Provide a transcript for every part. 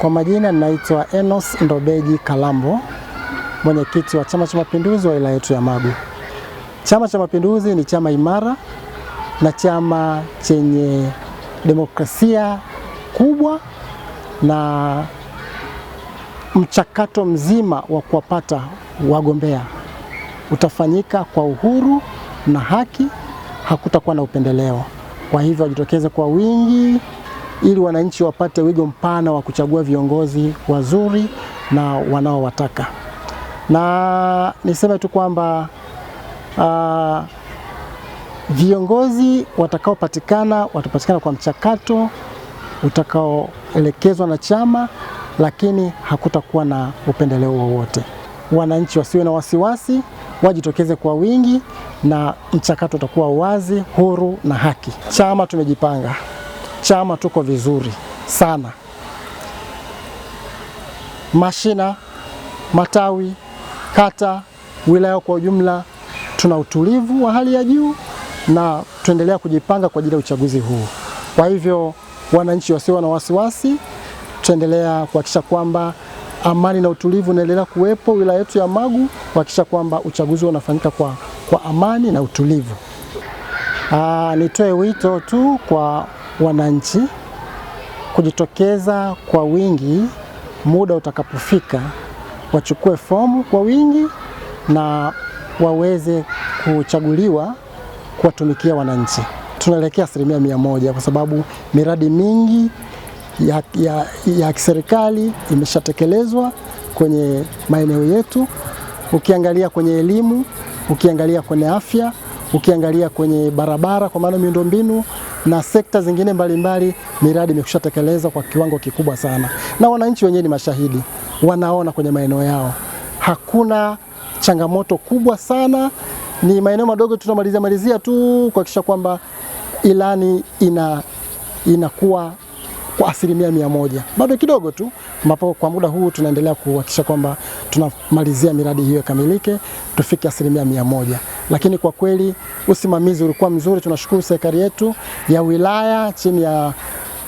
Kwa majina ninaitwa Enos Ndobeji Kalambo, mwenyekiti wa Chama cha Mapinduzi wa wilaya yetu ya Magu. Chama cha Mapinduzi ni chama imara na chama chenye demokrasia kubwa na mchakato mzima wa kuwapata wagombea utafanyika kwa uhuru na haki, hakutakuwa na upendeleo. Kwa hivyo wajitokeze kwa wingi ili wananchi wapate wigo mpana wa kuchagua viongozi wazuri na wanaowataka. Na niseme tu kwamba uh, viongozi watakaopatikana watapatikana kwa mchakato utakaoelekezwa na chama, lakini hakutakuwa na upendeleo wowote. Wananchi wasiwe na wasiwasi, wajitokeze kwa wingi na mchakato utakuwa wazi, huru na haki. Chama tumejipanga chama tuko vizuri sana, mashina, matawi, kata, wilaya kwa ujumla, tuna utulivu wa hali ya juu na tuendelea kujipanga kwa ajili ya uchaguzi huu. Kwa hivyo, wananchi wasio na wasiwasi, tutaendelea kuhakikisha kwamba amani na utulivu unaendelea kuwepo wilaya yetu ya Magu, kuhakikisha kwamba uchaguzi unafanyika kwa, kwa amani na utulivu. Nitoe wito tu kwa wananchi kujitokeza kwa wingi muda utakapofika, wachukue fomu kwa wingi na waweze kuchaguliwa kuwatumikia wananchi. Tunaelekea asilimia mia moja kwa sababu miradi mingi ya, ya, ya kiserikali imeshatekelezwa kwenye maeneo yetu. Ukiangalia kwenye elimu, ukiangalia kwenye afya ukiangalia kwenye barabara kwa maana miundombinu na sekta zingine mbalimbali, miradi tekeleza kwa kiwango kikubwa sana, na wananchi wenyewe ni mashahidi, wanaona kwenye maeneo yao hakuna changamoto kubwa sana. Ni maeneo madogo tunamalizia malizia tu kuhakikisha kwamba ilani ina inakuwa kwa asilimia mia moja. Bado kidogo tu, ambapo kwa muda huu tunaendelea kuhakikisha kwamba tunamalizia miradi hiyo ikamilike, tufike asilimia mia moja. Lakini kwa kweli usimamizi ulikuwa mzuri. Tunashukuru serikali yetu ya wilaya chini ya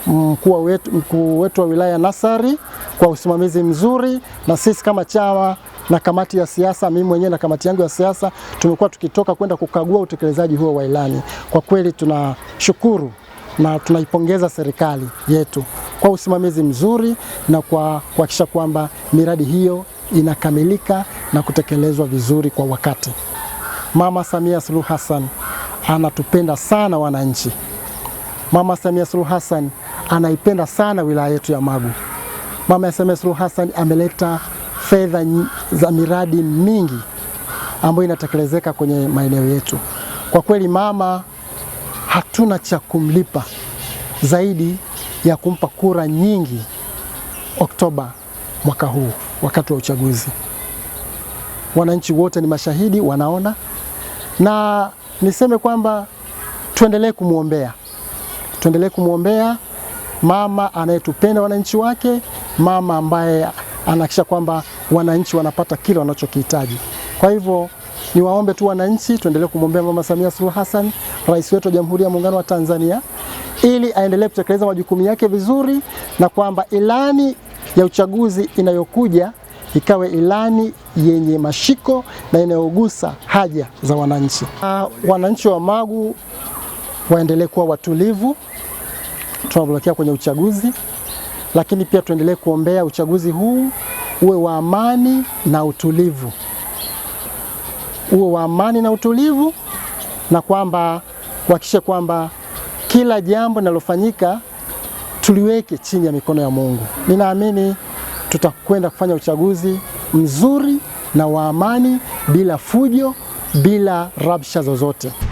mkuu wetu, mkuu wetu wa wilaya Nasari kwa usimamizi mzuri, na sisi kama chama na kamati ya siasa, mimi mwenyewe na kamati yangu ya siasa tumekuwa tukitoka kwenda kukagua utekelezaji huo wa ilani. Kwa kweli tunashukuru na tunaipongeza serikali yetu kwa usimamizi mzuri na kwa kuhakikisha kwamba miradi hiyo inakamilika na kutekelezwa vizuri kwa wakati. Mama Samia Suluhu Hassan anatupenda sana wananchi. Mama Samia Suluhu Hassan anaipenda sana wilaya yetu ya Magu. Mama Samia Suluhu Hassan ameleta fedha za miradi mingi ambayo inatekelezeka kwenye maeneo yetu. Kwa kweli mama hatuna cha kumlipa zaidi ya kumpa kura nyingi Oktoba mwaka huu wakati wa uchaguzi. Wananchi wote ni mashahidi, wanaona, na niseme kwamba tuendelee kumwombea, tuendelee kumwombea mama anayetupenda wananchi wake, mama ambaye anahakikisha kwamba wananchi wanapata kile wanachokihitaji. Kwa hivyo Niwaombe tu wananchi tuendelee kumwombea Mama Samia Suluhu Hassan, rais wetu wa Jamhuri ya Muungano wa Tanzania, ili aendelee kutekeleza majukumu yake vizuri, na kwamba ilani ya uchaguzi inayokuja ikawe ilani yenye mashiko na inayogusa haja za wananchi. Wananchi wa Magu waendelee kuwa watulivu tunaelekea kwenye uchaguzi, lakini pia tuendelee kuombea uchaguzi huu uwe wa amani na utulivu uwe wa amani na utulivu, na kwamba kuhakikisha kwamba kila jambo linalofanyika tuliweke chini ya mikono ya Mungu. Ninaamini tutakwenda kufanya uchaguzi mzuri na wa amani, bila fujo, bila rabsha zozote.